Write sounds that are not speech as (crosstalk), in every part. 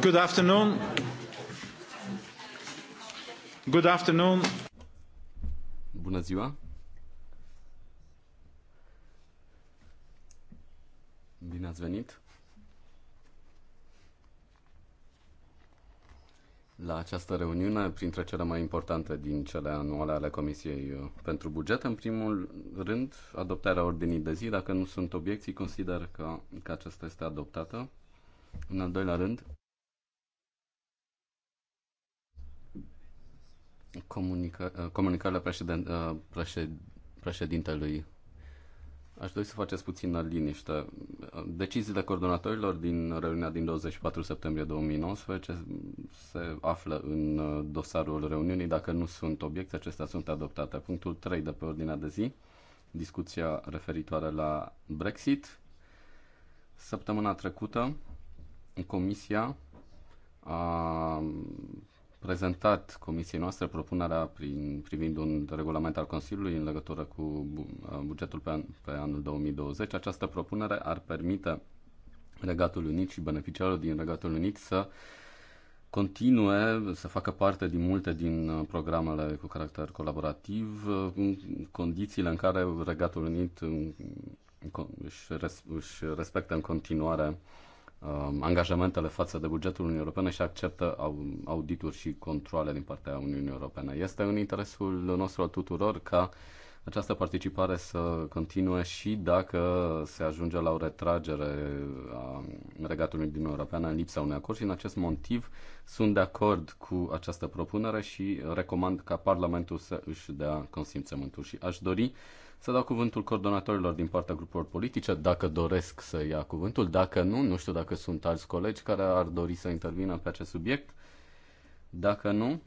Good afternoon. Good afternoon. Bună ziua. Bine ați venit. La această reuniune, printre cele mai importante din cele anuale ale Comisiei uh, pentru Buget, în primul rând, adoptarea ordinii de zi. Dacă nu sunt obiecții, consider că, că aceasta este adoptată. În al doilea rând, Uh, comunica, comunicările președin, uh, președ, președintelui. Aș dori să faceți puțină liniște. Uh, deciziile coordonatorilor din reuniunea din 24 septembrie 2019 se află în dosarul reuniunii. Dacă nu sunt obiecte, acestea sunt adoptate. Punctul 3 de pe ordinea de zi, discuția referitoare la Brexit. Săptămâna trecută, Comisia a prezentat comisiei noastre propunerea prin, privind un regulament al Consiliului în legătură cu uh, bugetul pe, an, pe anul 2020. Această propunere ar permite Regatul Unit și beneficiarilor din Regatul Unit să continue să facă parte din multe din uh, programele cu caracter colaborativ, uh, în condițiile în care Regatul Unit își respectă în continuare Um, angajamentele față de bugetul Uniunii Europene și acceptă audituri și controle din partea Uniunii Europene. Este în interesul nostru al tuturor ca această participare să continue și dacă se ajunge la o retragere a regatului din Europeană în lipsa unui acord și în acest motiv sunt de acord cu această propunere și recomand ca Parlamentul să își dea consimțământul și aș dori să dau cuvântul coordonatorilor din partea grupurilor politice, dacă doresc să ia cuvântul. Dacă nu, nu știu dacă sunt alți colegi care ar dori să intervină pe acest subiect. Dacă nu,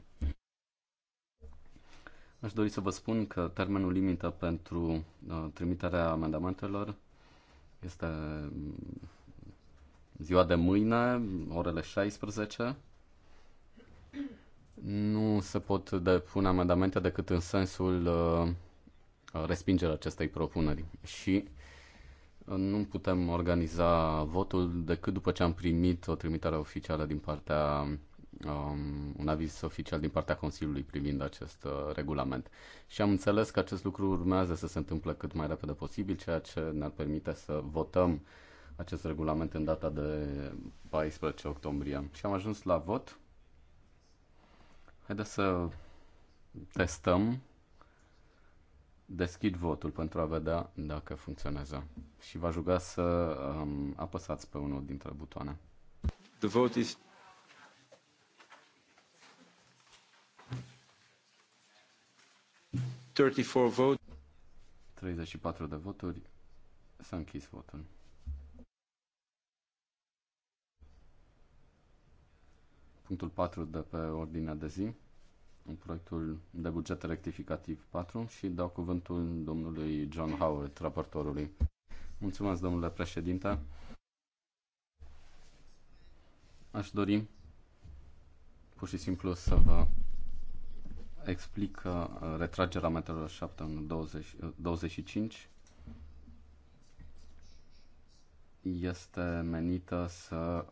aș dori să vă spun că termenul limită pentru uh, trimiterea amendamentelor este mm, ziua de mâine, orele 16. Nu se pot depune amendamente decât în sensul uh, Uh, respingerea acestei propuneri și uh, nu putem organiza votul decât după ce am primit o trimitere oficială din partea um, un aviz oficial din partea Consiliului privind acest uh, regulament. Și am înțeles că acest lucru urmează să se întâmple cât mai repede posibil, ceea ce ne-ar permite să votăm acest regulament în data de 14 octombrie. Și am ajuns la vot. Haideți să testăm Deschid votul pentru a vedea dacă funcționează și vă aș ruga să um, apăsați pe unul dintre butoane. The vote is... vote. 34 de voturi. S-a închis votul. Punctul 4 de pe ordinea de zi proiectul de buget rectificativ 4 și dau cuvântul domnului John Howard, raportorului. Mulțumesc, domnule președinte. Aș dori pur și simplu să vă explic uh, retragerea metrelor 7 în 20, 25 uh, este menită să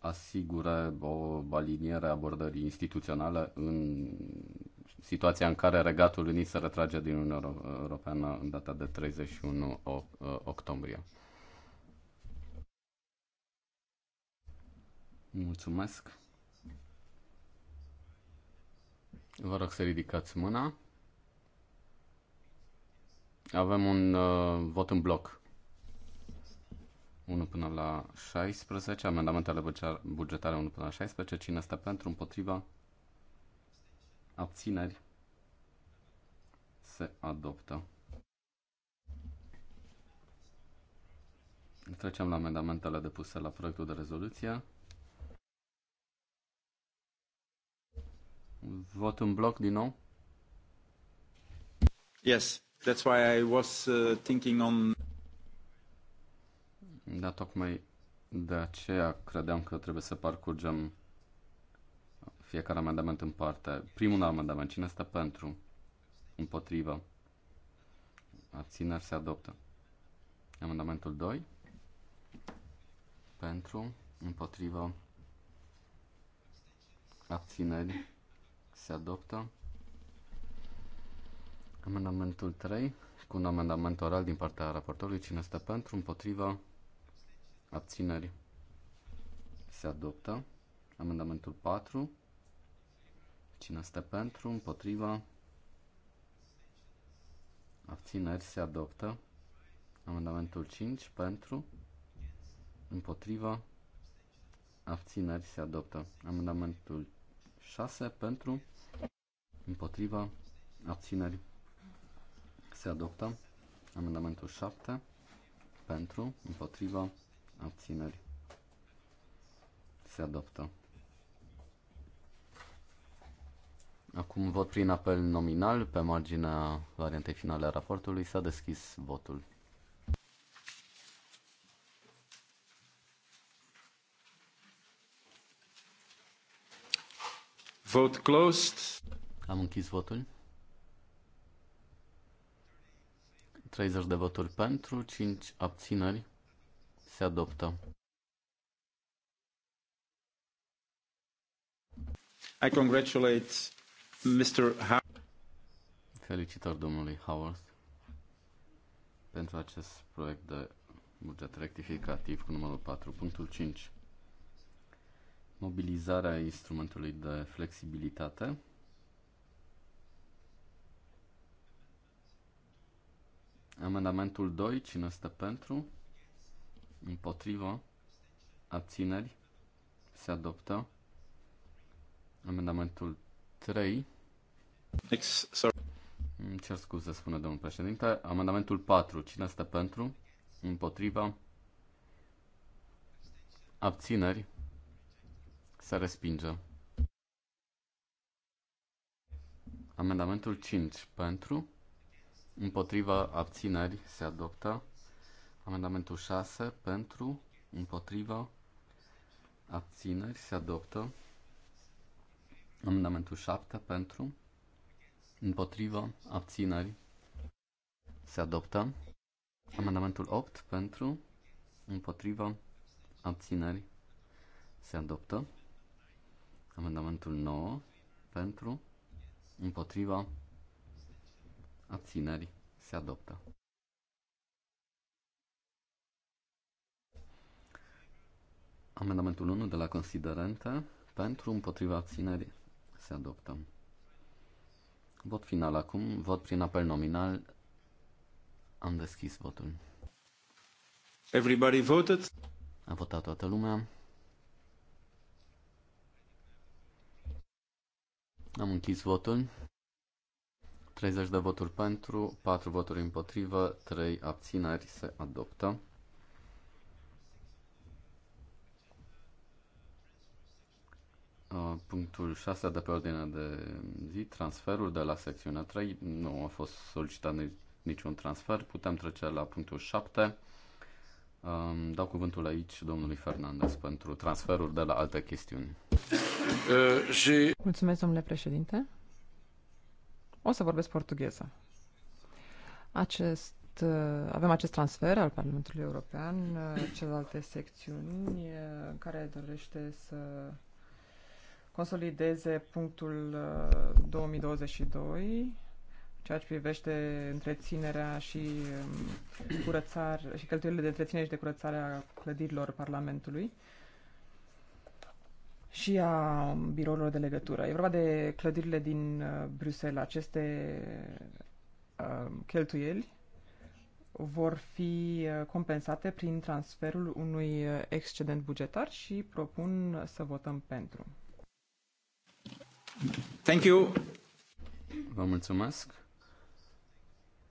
asigure o aliniere a abordării instituționale în situația în care Regatul Unit se retrage din Uniunea Europeană în data de 31 octombrie. Mulțumesc. Vă rog să ridicați mâna. Avem un uh, vot în bloc 1 până la 16, amendamentele bugetare 1 până la 16, cine este pentru, împotriva, abțineri, se adoptă. Trecem la amendamentele depuse la proiectul de rezoluție. Vot în bloc din nou? Yes, that's why I was uh, thinking on da, tocmai de aceea credeam că trebuie să parcurgem fiecare amendament în parte. Primul amendament, cine stă pentru? Împotrivă. Abțineri se adoptă. Amendamentul 2. Pentru, împotrivă, abțineri se adoptă. Amendamentul 3, cu un amendament oral din partea raportorului, cine stă pentru, împotrivă, abțineri, se adoptă. Amendamentul 4, cine este pentru, împotriva, abțineri, se adoptă. Amendamentul 5, pentru, împotriva, abțineri, se adoptă. Amendamentul 6, pentru, împotriva, abțineri, se adoptă. Amendamentul 7 pentru, împotriva, abțineri, se adoptă. Acum vot prin apel nominal pe marginea variantei finale a raportului. S-a deschis votul. Vote closed. Am închis votul. 30 de voturi pentru, 5 abțineri. Se adoptă. I congratulate Mr. Howard. Felicitări domnului Howard pentru acest proiect de buget rectificativ cu numărul 4. Punctul 5. Mobilizarea instrumentului de flexibilitate. Amendamentul 2. Cine este pentru? împotrivă, abțineri, se adoptă. Amendamentul 3. Ex, sorry. Îmi cer scuze, spune domnul președinte. Amendamentul 4. Cine este pentru? Împotriva? Abțineri? Se respinge. Amendamentul 5. Pentru? Împotriva abțineri se adoptă. Amendamentul 6 pentru, împotriva, abțineri se adoptă. Amendamentul 7 pentru, împotriva, abțineri se adoptă. Amendamentul 8 pentru, împotriva, abțineri se adoptă. Amendamentul 9 pentru, împotriva, abțineri se adoptă. Amendamentul 1 de la considerente pentru împotriva abținerii se adoptă. Vot final acum, vot prin apel nominal. Am deschis votul. Everybody voted? A votat toată lumea. Am închis votul. 30 de voturi pentru, 4 voturi împotrivă, 3 abțineri se adoptă. Uh, punctul 6 de pe ordinea de zi, transferul de la secțiunea 3, nu a fost solicitat niciun transfer. Putem trece la punctul 7. Um, dau cuvântul aici domnului Fernandez pentru transferul de la alte chestiuni. Uh, Mulțumesc, domnule președinte. O să vorbesc portugheză. Acest, uh, avem acest transfer al Parlamentului European, celelalte secțiuni care dorește să consolideze punctul 2022, uh, ceea ce privește întreținerea și um, curățare și cheltuielile de întreținere și de curățare a clădirilor Parlamentului și a birourilor de legătură. E vorba de clădirile din uh, Bruxelles. Aceste uh, cheltuieli vor fi compensate prin transferul unui excedent bugetar și propun să votăm pentru. Thank you. Vă mulțumesc.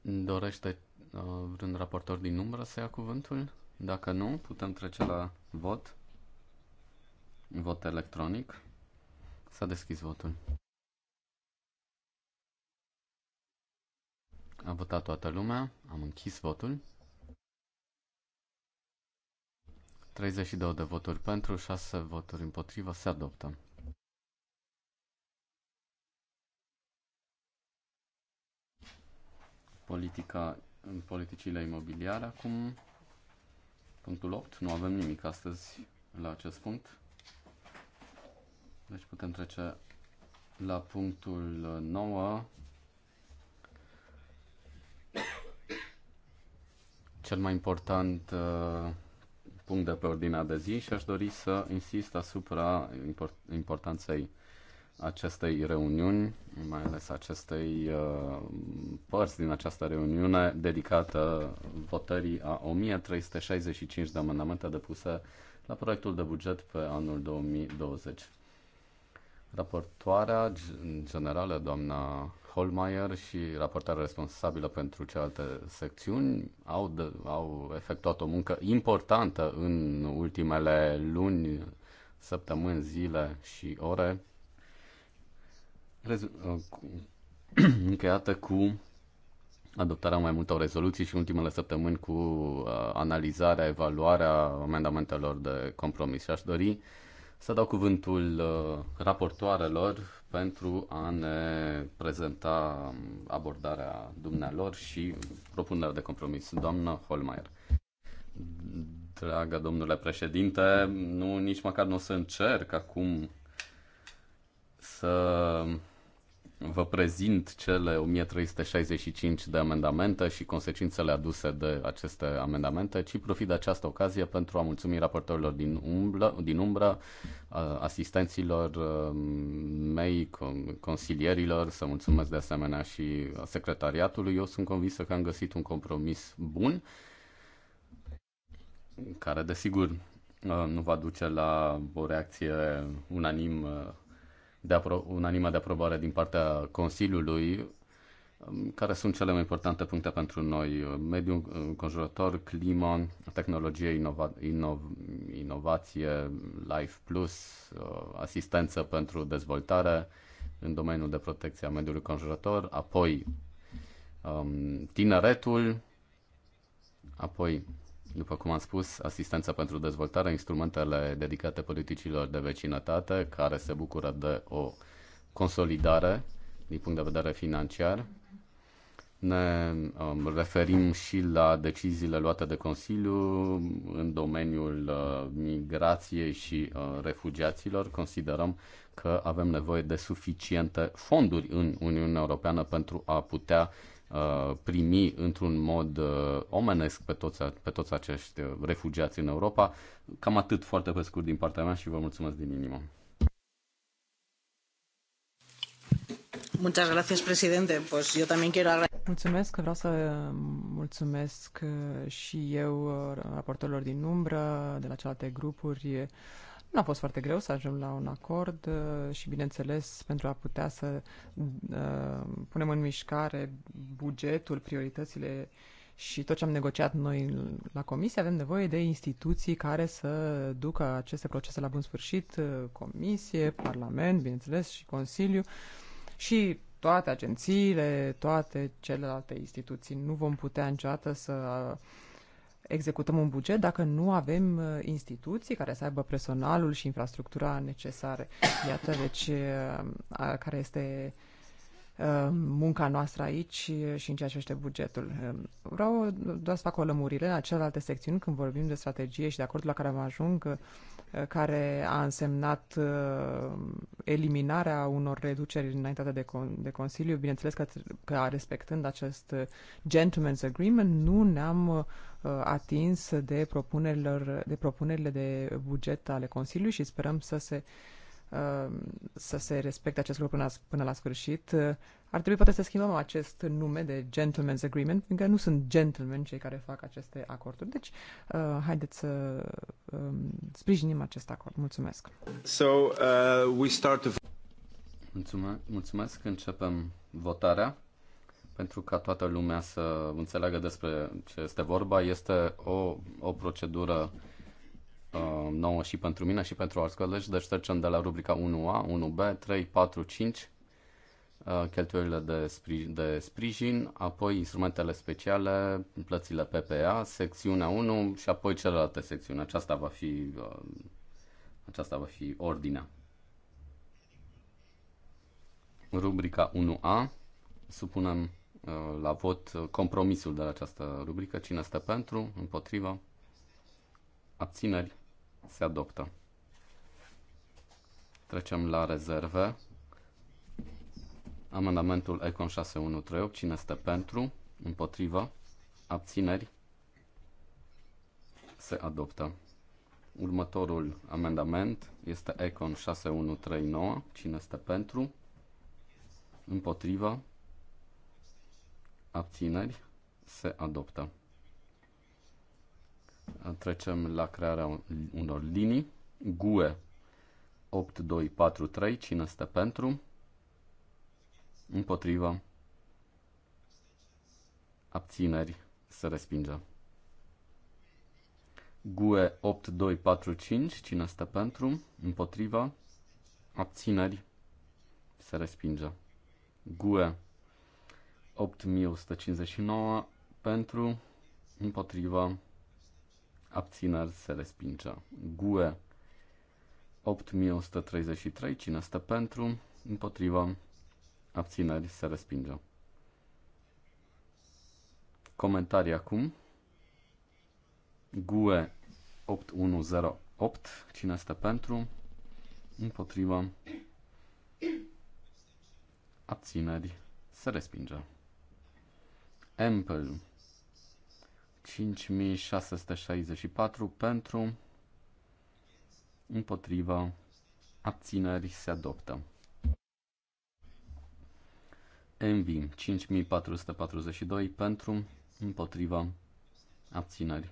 Dorește uh, vreun raportor din umbră să ia cuvântul? Dacă nu, putem trece la vot. Vot electronic. S-a deschis votul. A votat toată lumea, am închis votul. 32 de voturi pentru, 6 voturi împotriva, se adoptă. politica, în politicile imobiliare. Acum, punctul 8, nu avem nimic astăzi la acest punct. Deci putem trece la punctul 9, cel mai important uh, punct de pe ordinea de zi și aș dori să insist asupra importanței acestei reuniuni, mai ales acestei uh, părți din această reuniune dedicată votării a 1365 de amendamente depuse la proiectul de buget pe anul 2020. Raportoarea generală, doamna Holmeier și raportarea responsabilă pentru celelalte secțiuni au, de, au efectuat o muncă importantă în ultimele luni, săptămâni, zile și ore Uh, (clears throat) încheiată cu adoptarea mai multor rezoluții și ultimele săptămâni cu uh, analizarea, evaluarea amendamentelor de compromis. Și aș dori să dau cuvântul uh, raportoarelor pentru a ne prezenta abordarea dumnealor și propunerea de compromis. Doamna Holmeier. Dragă domnule președinte, nu, nici măcar nu o să încerc acum să vă prezint cele 1365 de amendamente și consecințele aduse de aceste amendamente, ci profit de această ocazie pentru a mulțumi raportorilor din, umblă, din umbră, asistenților mei, consilierilor, să mulțumesc de asemenea și secretariatului. Eu sunt convins că am găsit un compromis bun, care desigur nu va duce la o reacție unanim de apro- unanimă de aprobare din partea Consiliului, um, care sunt cele mai importante puncte pentru noi? Uh, mediul înconjurător, clima, tehnologie, inova- inov- inovație, Life Plus, uh, asistență pentru dezvoltare în domeniul de protecție a mediului conjurător, apoi um, tineretul, apoi după cum am spus, asistența pentru dezvoltare, instrumentele dedicate politicilor de vecinătate, care se bucură de o consolidare din punct de vedere financiar. Ne um, referim și la deciziile luate de Consiliu în domeniul uh, migrației și uh, refugiaților. Considerăm că avem nevoie de suficiente fonduri în Uniunea Europeană pentru a putea uh, Uh, primi într-un mod uh, omenesc pe toți, pe toți acești uh, refugiați în Europa. Cam atât foarte pe scurt din partea mea și vă mulțumesc din inimă. Muchas gracias, presidente. Pues yo también quiero agradecer. Mulțumesc, vreau să mulțumesc și eu raportorilor din umbră, de la celelalte grupuri nu a fost foarte greu să ajung la un acord uh, și, bineînțeles, pentru a putea să uh, punem în mișcare bugetul, prioritățile și tot ce am negociat noi la comisie, avem nevoie de instituții care să ducă aceste procese la bun sfârșit, uh, comisie, parlament, bineînțeles, și consiliu și toate agențiile, toate celelalte instituții. Nu vom putea niciodată să executăm un buget dacă nu avem uh, instituții care să aibă personalul și infrastructura necesare. Iată, deci, uh, care este Uh, munca noastră aici și în ceea ce este bugetul. Uh, vreau doar să fac o lămurire la celelalte secțiuni când vorbim de strategie și de acordul la care am ajuns, uh, care a însemnat eliminarea unor reduceri înaintate de, con- de Consiliu. Bineînțeles că, că respectând acest gentleman's agreement, nu ne-am atins de, propunerilor, de propunerile de buget ale Consiliului și sperăm să se uh, Uh, să se respecte acest lucru până la, până la sfârșit. Uh, ar trebui poate să schimbăm acest nume de Gentleman's Agreement, fiindcă nu sunt gentlemen cei care fac aceste acorduri. Deci, uh, haideți să uh, sprijinim acest acord. Mulțumesc! So, uh, we start to... Mulțumesc, mulțumesc. Începem votarea. Pentru ca toată lumea să înțeleagă despre ce este vorba, este o, o procedură Uh, nouă și pentru mine și pentru alți colegi, deci trecem de la rubrica 1A, 1B, 3, 4, 5, cheltuielile de, spri- de sprijin, apoi instrumentele speciale, plățile PPA, secțiunea 1 și apoi celelalte secțiuni. Aceasta va fi, uh, aceasta va fi ordinea. Rubrica 1A, supunem uh, la vot compromisul de la această rubrică. Cine stă pentru, împotriva, abțineri, se adoptă. Trecem la rezerve. Amendamentul Econ 6138. Cine este pentru? Împotriva? Abțineri? Se adoptă. Următorul amendament este Econ 6139. Cine este pentru? Împotriva? Abțineri? Se adoptă. Trecem la crearea unor linii. GUE 8243, cine este pentru? Împotriva. Abțineri. Se respinge. GUE 8245, cine este pentru? Împotriva. Abțineri. Se respinge. GUE 8159, pentru? Împotriva abțineri se respinge. GUE 8133, cine stă pentru, împotriva, abțineri se respinge. Comentarii acum. GUE 8108, cine stă pentru, împotriva, abțineri se respinge. Ample 5664 pentru, împotriva, abțineri se adoptă. Envy 5442 pentru, împotriva, abțineri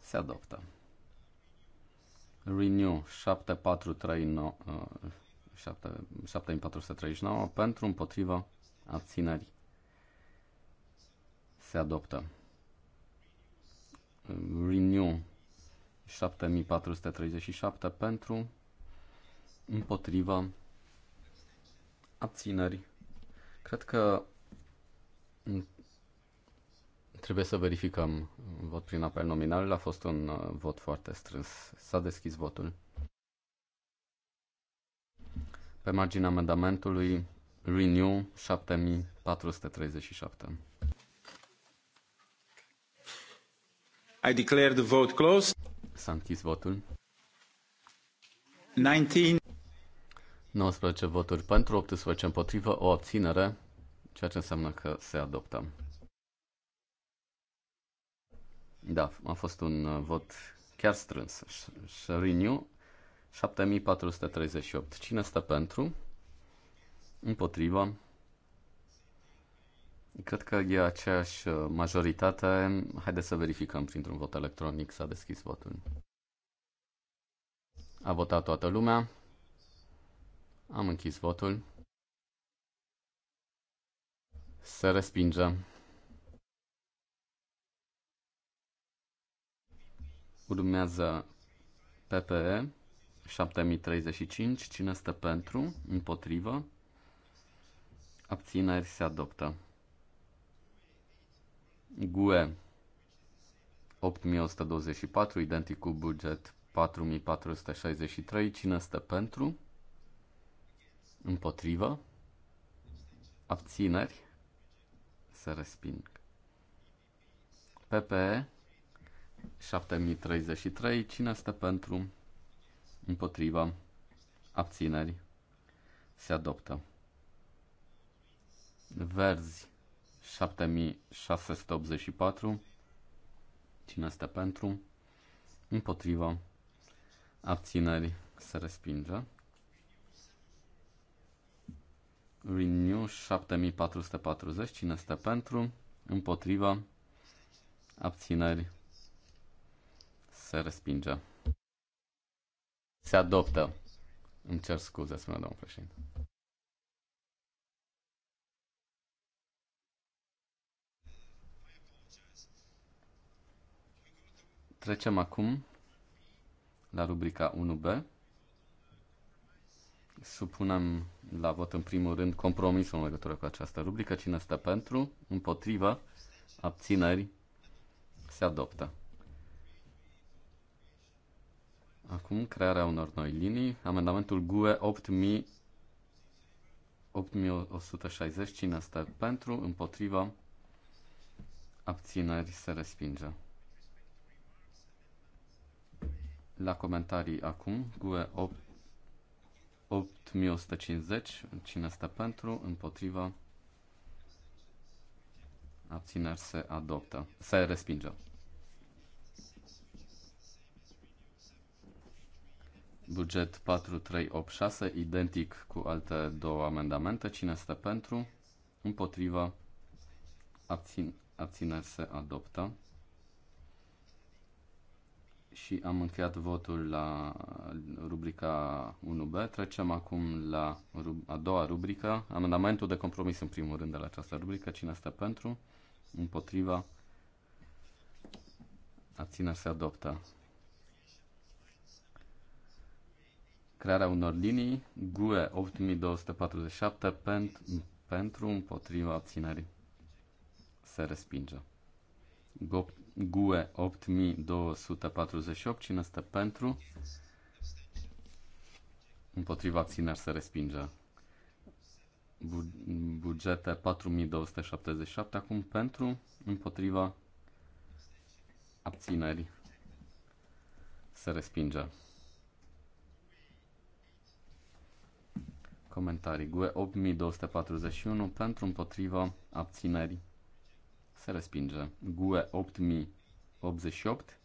se adoptă. Renew 7439 uh, pentru împotriva abțineri Se adoptă. Renew 7437 pentru, împotriva, abțineri. Cred că trebuie să verificăm vot prin apel nominal. A fost un uh, vot foarte strâns. S-a deschis votul. Pe marginea amendamentului Renew 7437. I declare the vote closed. S-a închis votul. 19. 19 voturi pentru, 18 împotrivă, o abținere, ceea ce înseamnă că se adoptă. Da, a fost un uh, vot chiar strâns. Șăriniu, 7438. Cine stă pentru? Împotriva? Cred că e aceeași uh, majoritate. Haideți să verificăm printr-un vot electronic. S-a deschis votul. A votat toată lumea. Am închis votul. Se respinge. Urmează PPE 7035. Cine stă pentru? Împotrivă? Abțineri se adoptă. GUE 8124, identic cu buget 4463. Cine stă pentru? Împotrivă? Abțineri? Se resping. PPE 7033. Cine stă pentru? Împotriva. Abțineri. Se adoptă. Verzi 7684. Cine este pentru? Împotriva. Abțineri se respinge. Renew 7440. Cine este pentru? Împotriva. Abțineri se respinge. Se adoptă. Îmi cer scuze, spune domnul președinte. Trecem acum la rubrica 1B. Supunem la vot în primul rând compromisul în legătură cu această rubrică. Cine stă pentru, împotriva, abțineri, se adoptă. Acum crearea unor noi linii. Amendamentul GUE 8000 8160. Cine stă pentru, împotriva, abțineri, se respinge. la comentarii acum. GUE 8, 8150. Cine este pentru? Împotriva? Abțineri se adoptă. Se respinge. Buget 4386, identic cu alte două amendamente. Cine este pentru? Împotriva? Abțin, abțineri se adoptă și am încheiat votul la rubrica 1B. Trecem acum la a doua rubrică, amendamentul de compromis în primul rând de la această rubrică. Cine este pentru? Împotriva? Abțineri se adoptă. Crearea unor linii, GUE 8247 pentru, pentru împotriva abținerii. Se respinge. GUE 8248, cine este pentru? Împotriva țineri se respinge. Bugete 4277 acum pentru, împotriva abțineri se respinge. Comentarii GUE 8241 pentru, împotriva abținerii se respinge. GUE 8088,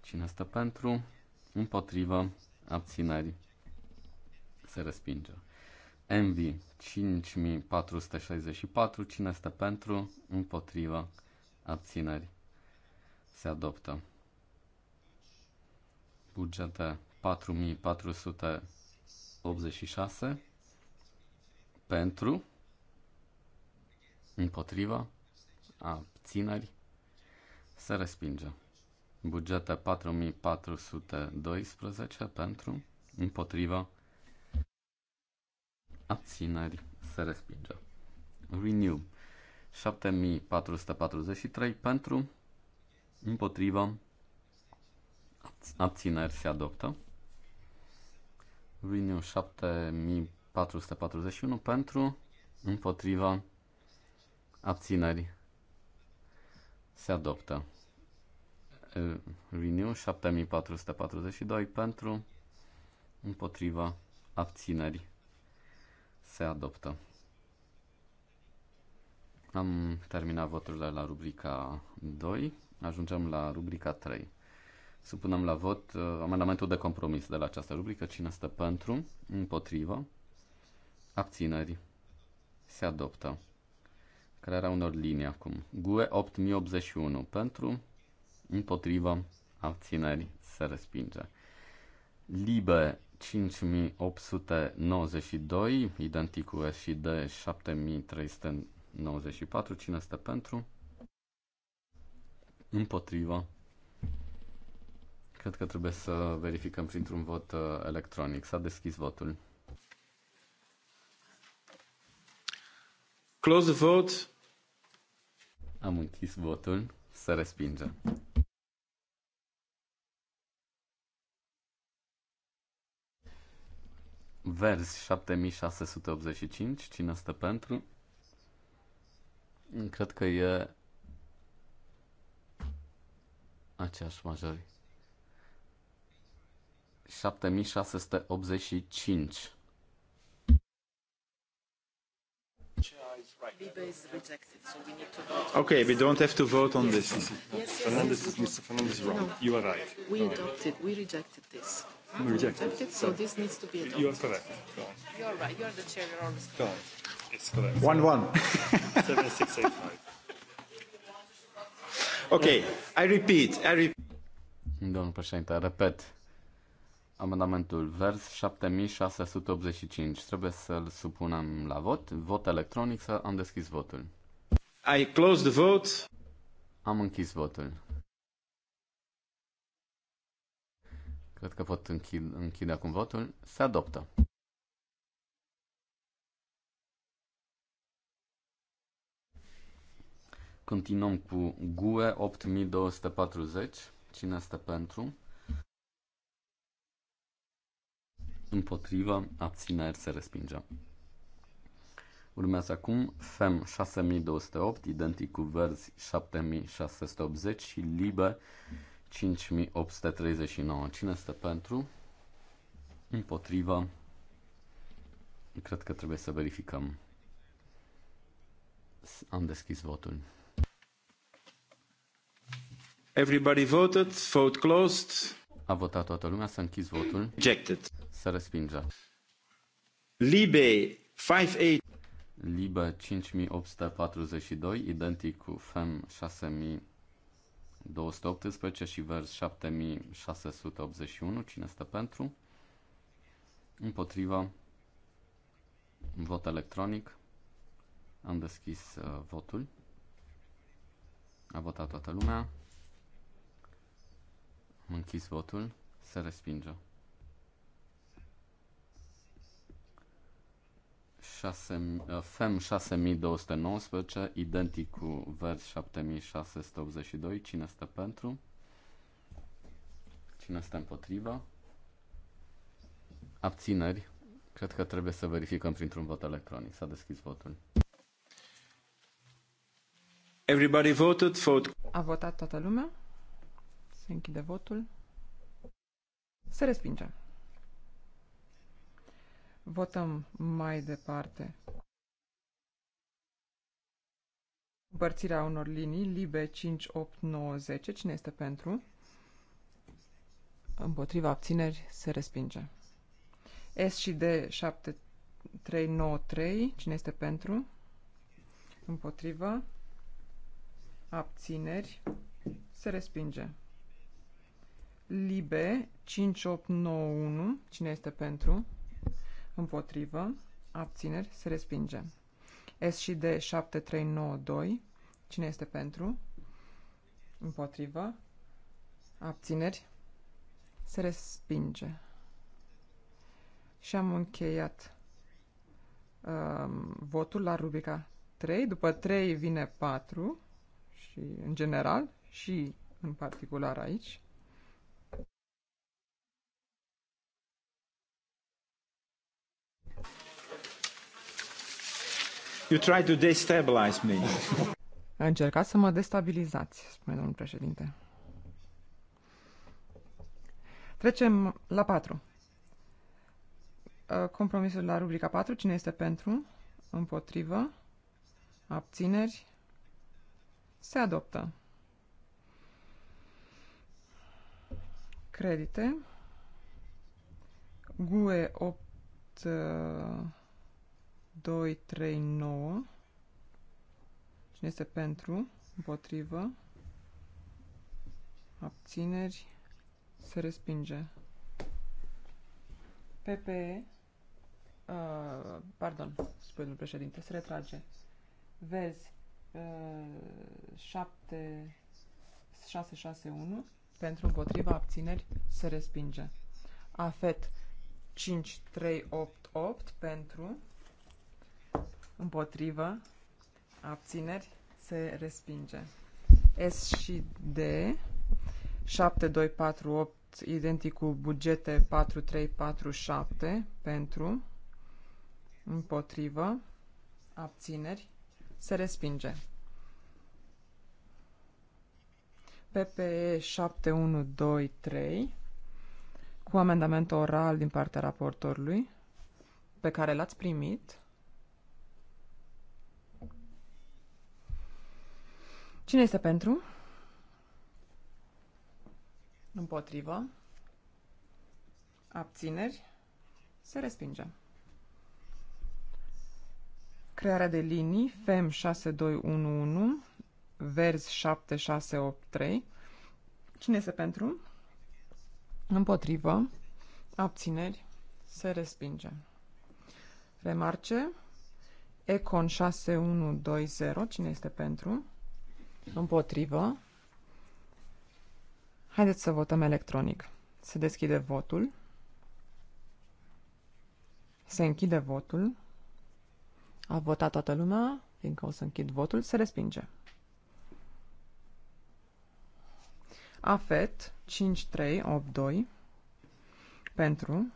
cine stă pentru, împotrivă, abțineri, se respinge. MV 5464, cine stă pentru, împotrivă, abțineri, se adoptă. Bugete 4486 pentru, împotriva, țineri se respinge. Bugete 4412 pentru, împotriva, țineri se respinge. Renew 7443 pentru, împotriva, abțineri se adoptă. Renew 7441 pentru, împotriva, abțineri se adoptă. Renew 7442 pentru, împotriva, abțineri. Se adoptă. Am terminat voturile la rubrica 2. Ajungem la rubrica 3. Supunem la vot uh, amendamentul de compromis de la această rubrică. Cine stă pentru? Împotrivă? Abțineri? Se adoptă care era unor linii acum. GUE 8081 pentru, împotriva, abținerii se respinge. LIBE 5892, identic cu și de 7394, cine este pentru? Împotriva. Cred că trebuie să verificăm printr-un vot uh, electronic. S-a deschis votul. Close the vote. Am închis botul să respingem. vers 7685, cine este pentru? Cred că e aceeași majori. 7685. Okay, we don't have to vote on this. Fernandez is Mr. Fernandez is wrong. You are right. We adopted. We rejected this. We rejected. so this needs to be adopted. You are correct. You are right. You are the chair. You're always correct. It's correct. One one. (laughs) Seven six eight five. Okay, I repeat. I repeat. Domnul președinte, repet. Amendamentul vers 7685. Trebuie să-l supunem la vot. Vot electronic să am deschis votul. I close the vote. Am închis votul. Cred că pot închid, închide acum votul. Se adoptă. Continuăm cu GUE 8240. Cine este pentru? împotrivă, abțineri se respinge. Urmează acum FEM 6208, identic cu verzi 7680 și LIBE 5839. Cine este pentru? Împotriva. Cred că trebuie să verificăm. Am deschis votul. Everybody voted, vote closed. A votat toată lumea, s-a închis votul. Rejected. Se respinge. Libe 58. Libe 5842, identic cu FEM 6218 și vers 7681. Cine este pentru? Împotriva. Vot electronic. Am deschis uh, votul. A votat toată lumea. Am închis votul. Se respinge. 6, FEM 6219, identic cu vers 7682. Cine stă pentru? Cine stă împotriva? Abțineri. Cred că trebuie să verificăm printr-un vot electronic. S-a deschis votul. Everybody voted, vote. A votat toată lumea. Se închide votul. Se respinge. Votăm mai departe. Împărțirea unor linii, libe 5, 8, 9, 10. Cine este pentru? Împotriva abțineri se respinge. S și D 7, 3, 9, 3. Cine este pentru? Împotriva abțineri se respinge. Libe 5891. Cine este pentru? împotrivă, abțineri, se respinge. S și D 7392, cine este pentru, împotrivă, abțineri, se respinge. Și am încheiat um, votul la rubrica 3, după 3 vine 4 și în general și în particular aici. You try to destabilize me. Încercați să mă destabilizați, spune domnul președinte. Trecem la 4. Uh, compromisul la rubrica 4. Cine este pentru? Împotrivă? Abțineri? Se adoptă. Credite. GUE 8 2, 3, 9. Cine este pentru? Împotrivă. Abțineri. Se respinge. PPE. Uh, pardon, spune domnul președinte, se retrage. Vezi. 7, 6, 6, 1. Pentru împotriva abțineri se respinge. AFET 5, 3, 8, 8. pentru împotrivă, abțineri, se respinge. S și D, 7248, identic cu bugete 4347, pentru, împotrivă, abțineri, se respinge. PPE 7123 cu amendament oral din partea raportorului pe care l-ați primit Cine este pentru? Împotrivă. Abțineri. Se respinge. Crearea de linii FEM 6211, VERS 7683. Cine este pentru? Împotrivă. Abțineri. Se respinge. Remarce. Econ 6120. Cine este pentru? Împotrivă. Haideți să votăm electronic. Se deschide votul. Se închide votul. A votat toată lumea, fiindcă o să închid votul, se respinge. AFET 5382 pentru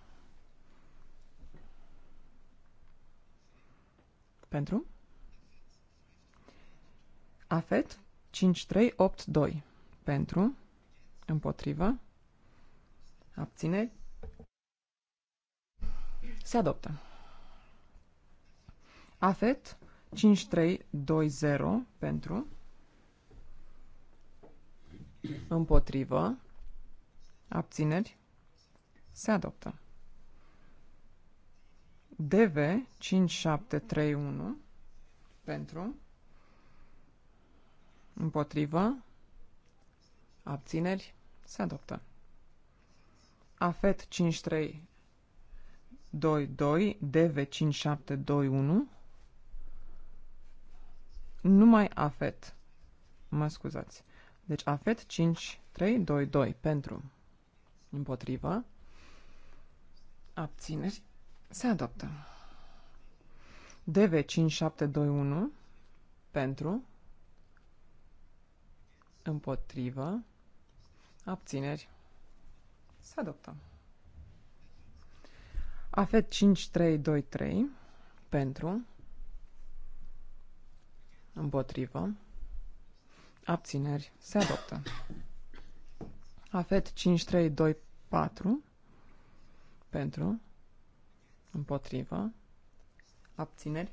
pentru AFET 5382 pentru, împotrivă, abțineri, se adoptă. Afet 5320 pentru, împotrivă, abțineri, se adoptă. DV 5731 pentru Împotrivă. Abțineri. Se adoptă. AFET 5322, DV 5721. Numai AFET. Mă scuzați. Deci AFET 5322 pentru. Împotrivă. Abțineri. Se adoptă. DV 5721 pentru. Împotrivă. Abțineri. Se adoptă. Afet 5323 pentru împotrivă abțineri se adoptă. Afet 5324 pentru împotrivă abțineri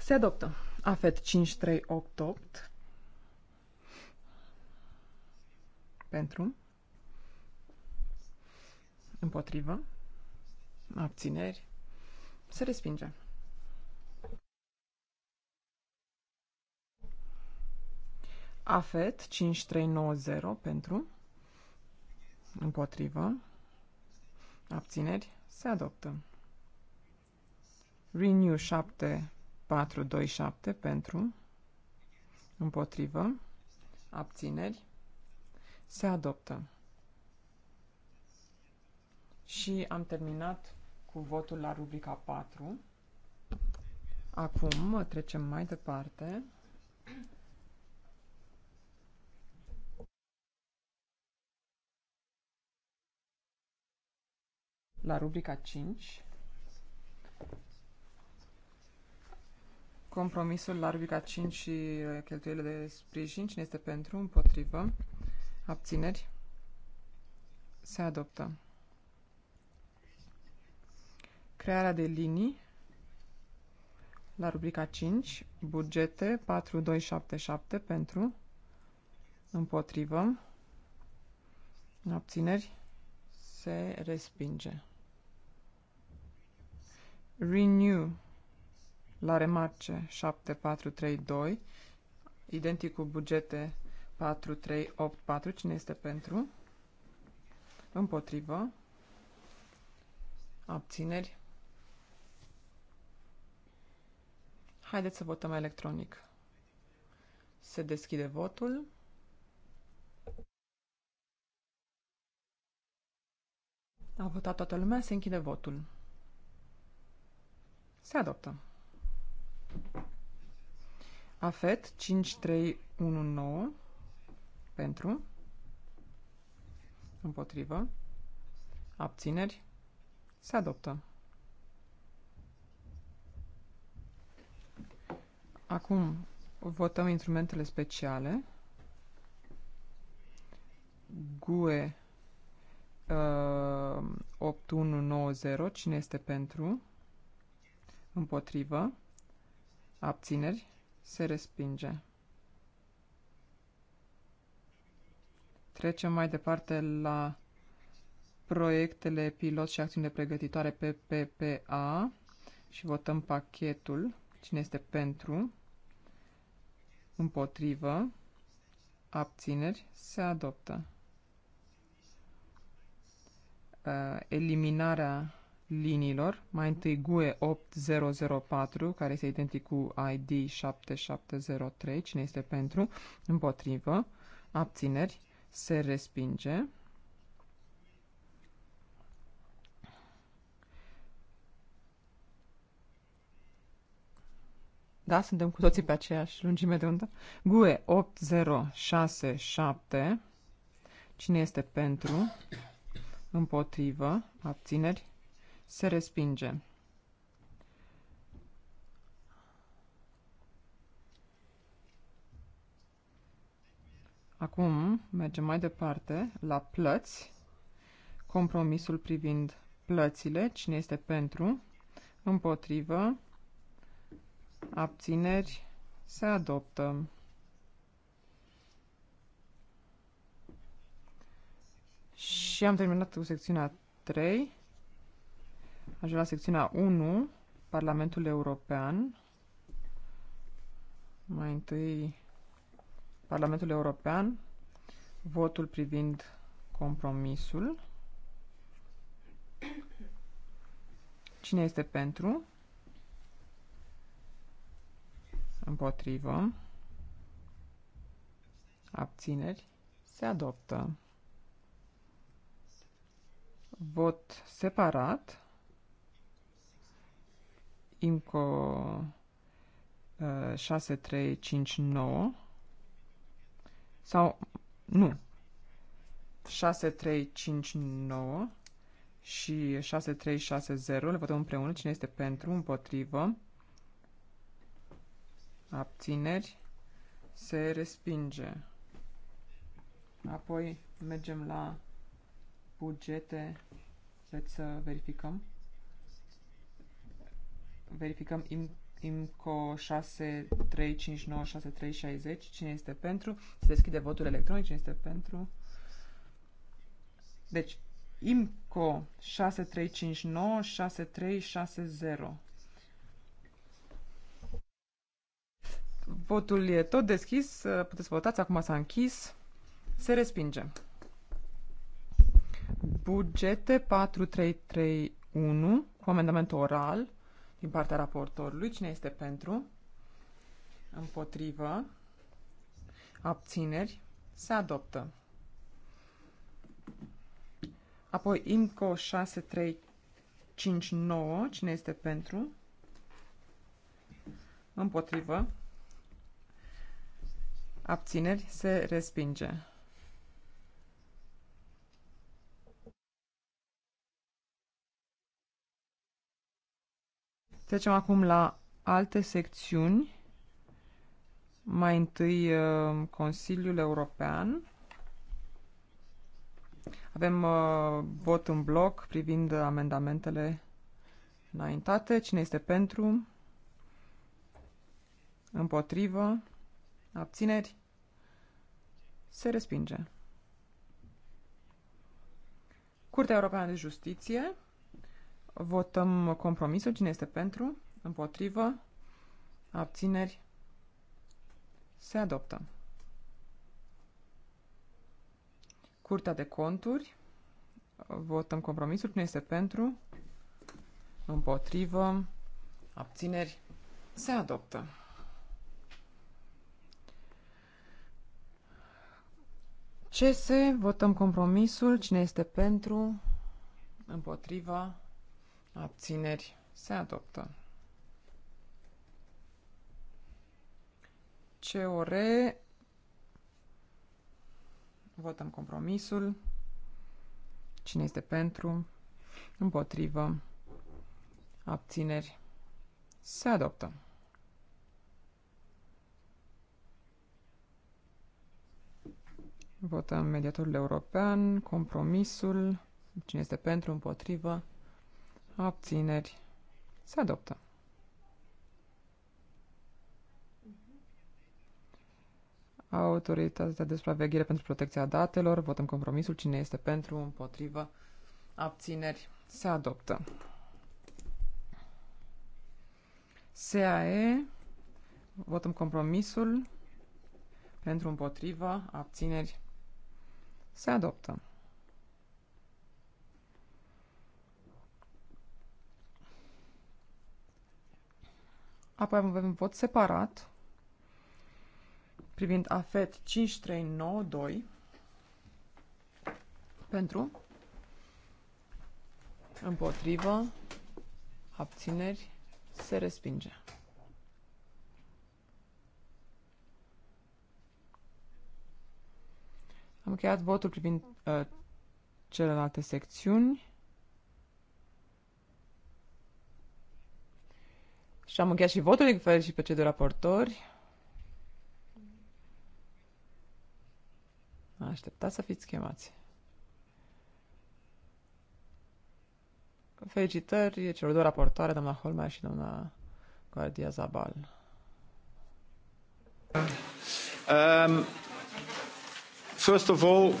se adoptă. Afet 5388 Pentru. Împotrivă. Abțineri. Se respinge. AFET 5390 pentru. Împotrivă. Abțineri. Se adoptă. Renew 7427 pentru. Împotrivă. Abțineri. Se adoptă. Și am terminat cu votul la rubrica 4. Acum trecem mai departe. La rubrica 5. Compromisul la rubrica 5 și cheltuielile de sprijin. Cine este pentru? Împotrivă. Abțineri. Se adoptă. Crearea de linii la rubrica 5, bugete 4277 pentru, împotrivă, abțineri, se respinge. Renew la remarce 7432, identic cu bugete 4, 3, 8, 4. Cine este pentru? Împotrivă. Abțineri. Haideți să votăm electronic. Se deschide votul. A votat toată lumea, se închide votul. Se adoptă. AFET 5319 pentru. Împotrivă. Abțineri. Se adoptă. Acum votăm instrumentele speciale. GUE uh, 8190. Cine este pentru? Împotrivă. Abțineri. Se respinge. Trecem mai departe la proiectele pilot și acțiunile pregătitoare PPPA și votăm pachetul. Cine este pentru? Împotrivă? Abțineri? Se adoptă. Uh, eliminarea liniilor. Mai întâi GUE 8004, care este identic cu ID 7703. Cine este pentru? Împotrivă? Abțineri? se respinge. Da, suntem cu toții pe aceeași lungime de undă. GUE 8067. Cine este pentru? Împotrivă? Abțineri? Se respinge. Acum mergem mai departe la plăți. Compromisul privind plățile. Cine este pentru? Împotrivă. Abțineri. Se adoptă. Și am terminat cu secțiunea 3. Ajung la secțiunea 1. Parlamentul European. Mai întâi Parlamentul European votul privind compromisul. Cine este pentru? Împotrivă. Abțineri. Se adoptă. Vot separat. IMCO 6359 uh, sau nu. 9 și 0. le votăm împreună. Cine este pentru, împotrivă, abțineri, se respinge. Apoi mergem la bugete. Vreți să verificăm? Verificăm IMCO 6359 6360. Cine este pentru? Se deschide votul electronic. Cine este pentru? Deci, IMCO 6359 6360. Votul e tot deschis. Puteți votați. Acum s-a închis. Se respinge. Bugete 4331 cu amendament oral din partea raportorului. Cine este pentru? Împotrivă. Abțineri. Se adoptă. Apoi IMCO 6359. Cine este pentru? Împotrivă. Abțineri. Se respinge. Trecem acum la alte secțiuni. Mai întâi uh, Consiliul European. Avem uh, vot în bloc privind amendamentele înaintate. Cine este pentru? Împotrivă? Abțineri? Se respinge. Curtea Europeană de Justiție. Votăm compromisul. Cine este pentru? Împotrivă? Abțineri? Se adoptă. Curtea de conturi. Votăm compromisul. Cine este pentru? Împotrivă? Abțineri? Se adoptă. CS, votăm compromisul. Cine este pentru? Împotriva? abțineri, se adoptă. COR, votăm compromisul, cine este pentru, împotrivă, abțineri, se adoptă. Votăm mediatorul european, compromisul, cine este pentru, împotrivă, abțineri, se adoptă. Autoritatea de supraveghere pentru protecția datelor, votăm compromisul, cine este pentru, împotrivă, abțineri, se adoptă. SAE, votăm compromisul, pentru împotrivă, abțineri, se adoptă. Apoi avem vot separat privind AFET 5392 pentru, împotrivă, abțineri, se respinge. Am încheiat votul privind uh, celelalte secțiuni. Și am încheiat și votul, îi fel și pe cei de raportori. Așteptați să fiți chemați. Felicitări celor două raportoare, doamna Holma și doamna Guardia Zabal. Um, first of all,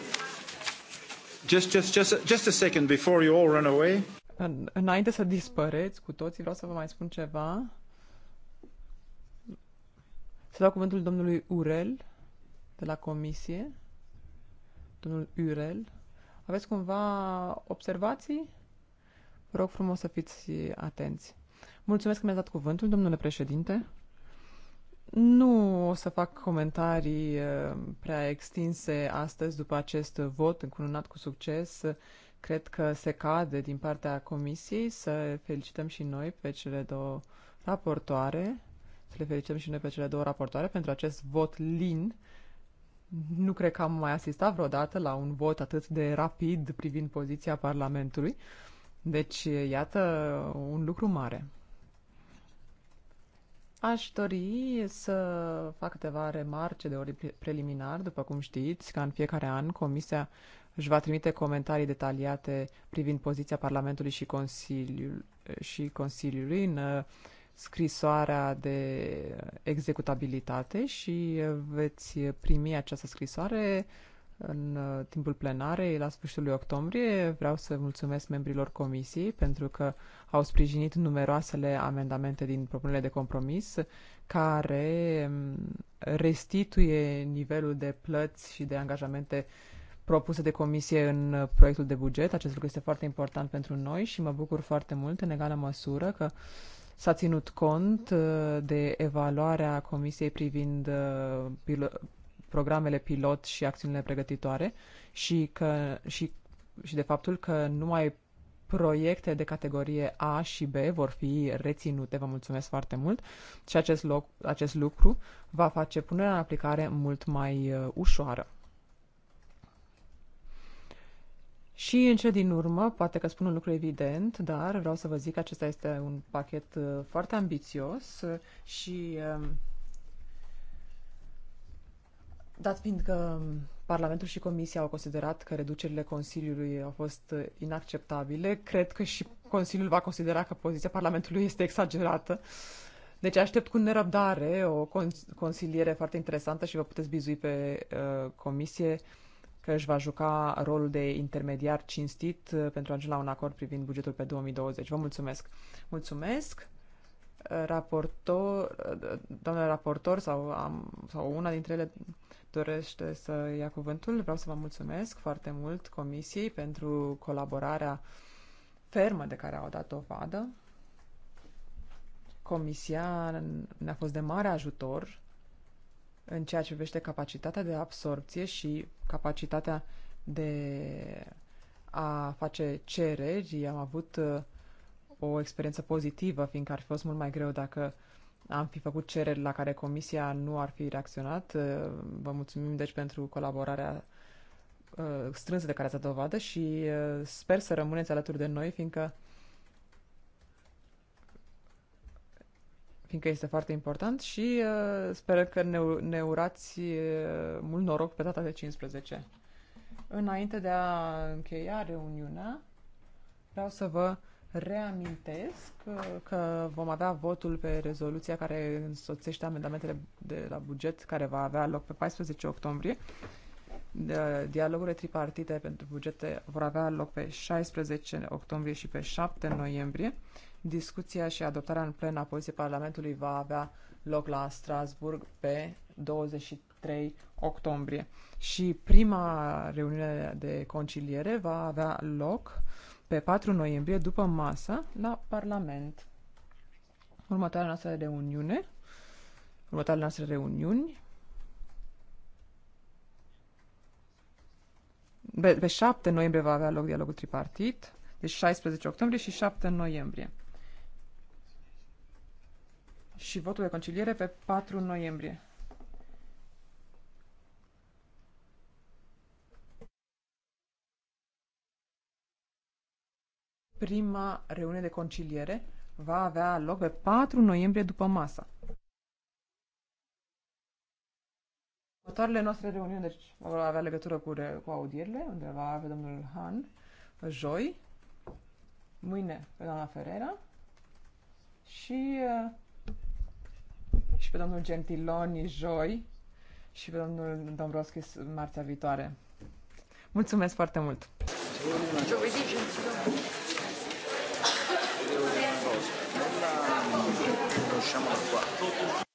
just, just, just, just a second before you all run away. Înainte să dispăreți cu toții, vreau să vă mai spun ceva. Să dau cuvântul domnului Urel de la comisie. Domnul Urel. Aveți cumva observații? Vă rog frumos să fiți atenți. Mulțumesc că mi-ați dat cuvântul, domnule președinte. Nu o să fac comentarii eh, prea extinse astăzi după acest vot încununat cu succes. Cred că se cade din partea comisiei să felicităm și noi pe cele două raportoare să le felicităm și noi pe cele două raportoare pentru acest vot lin. Nu cred că am mai asistat vreodată la un vot atât de rapid privind poziția Parlamentului. Deci, iată, un lucru mare. Aș dori să fac câteva remarce de ori preliminar. După cum știți, ca în fiecare an, Comisia își va trimite comentarii detaliate privind poziția Parlamentului și, Consiliul, și Consiliului în scrisoarea de executabilitate și veți primi această scrisoare în uh, timpul plenarei la sfârșitul lui octombrie. Vreau să mulțumesc membrilor comisiei pentru că au sprijinit numeroasele amendamente din propunerile de compromis care um, restituie nivelul de plăți și de angajamente propuse de comisie în uh, proiectul de buget. Acest lucru este foarte important pentru noi și mă bucur foarte mult în egală măsură că uh, S-a ținut cont uh, de evaluarea Comisiei privind uh, pilo programele pilot și acțiunile pregătitoare și, că, și, și de faptul că numai proiecte de categorie A și B vor fi reținute. Vă mulțumesc foarte mult și acest, loc, acest lucru va face punerea în aplicare mult mai uh, ușoară. Și în ce din urmă, poate că spun un lucru evident, dar vreau să vă zic că acesta este un pachet uh, foarte ambițios uh, și um, dat fiind că um, Parlamentul și Comisia au considerat că reducerile Consiliului au fost uh, inacceptabile, cred că și Consiliul va considera că poziția Parlamentului este exagerată. Deci aștept cu nerăbdare o consiliere foarte interesantă și vă puteți bizui pe uh, comisie uh, că își va juca rolul de intermediar cinstit uh, pentru a ajunge la un acord privind bugetul pe 2020. Vă mulțumesc! Mulțumesc! Uh, raportor, uh, doamna raportor sau, am, sau una dintre ele dorește să ia cuvântul. Vreau să vă mulțumesc foarte mult Comisiei pentru colaborarea fermă de care au dat dovadă. Comisia ne-a fost de mare ajutor în ceea ce privește capacitatea de absorpție și capacitatea de a face cereri. Am avut uh, o experiență pozitivă, fiindcă ar fi fost mult mai greu dacă am fi făcut cereri la care comisia nu ar fi reacționat. Uh, vă mulțumim deci pentru colaborarea uh, strânsă de care ați dovadă și sper să rămâneți alături de noi, fiindcă fiindcă este foarte important și uh, sper că ne, ne urați uh, mult noroc pe data de 15. Înainte de a încheia reuniunea, vreau să vă reamintesc uh, că vom avea votul pe rezoluția care însoțește amendamentele de la buget care va avea loc pe 14 octombrie Dialogurile tripartite pentru bugete vor avea loc pe 16 octombrie și pe 7 noiembrie. Discuția și adoptarea în plen a poziției Parlamentului va avea loc la Strasburg pe 23 octombrie. Și prima reuniune de conciliere va avea loc pe 4 noiembrie după masă la Parlament. Următoarea noastră reuniune, următoarele noastre reuniuni Pe, pe 7 noiembrie va avea loc dialogul tripartit, deci 16 octombrie și 7 noiembrie. Și votul de conciliere pe 4 noiembrie. Prima reuniune de conciliere va avea loc pe 4 noiembrie după masa. Următoarele noastre reuniuni deci, vor avea legătură cu, re, cu audierile, unde va avea domnul Han, joi, mâine pe doamna Ferrera și, uh, și pe domnul Gentiloni joi și pe domnul Dombrovskis marțea viitoare. Mulțumesc foarte mult! Nu Gentiloni.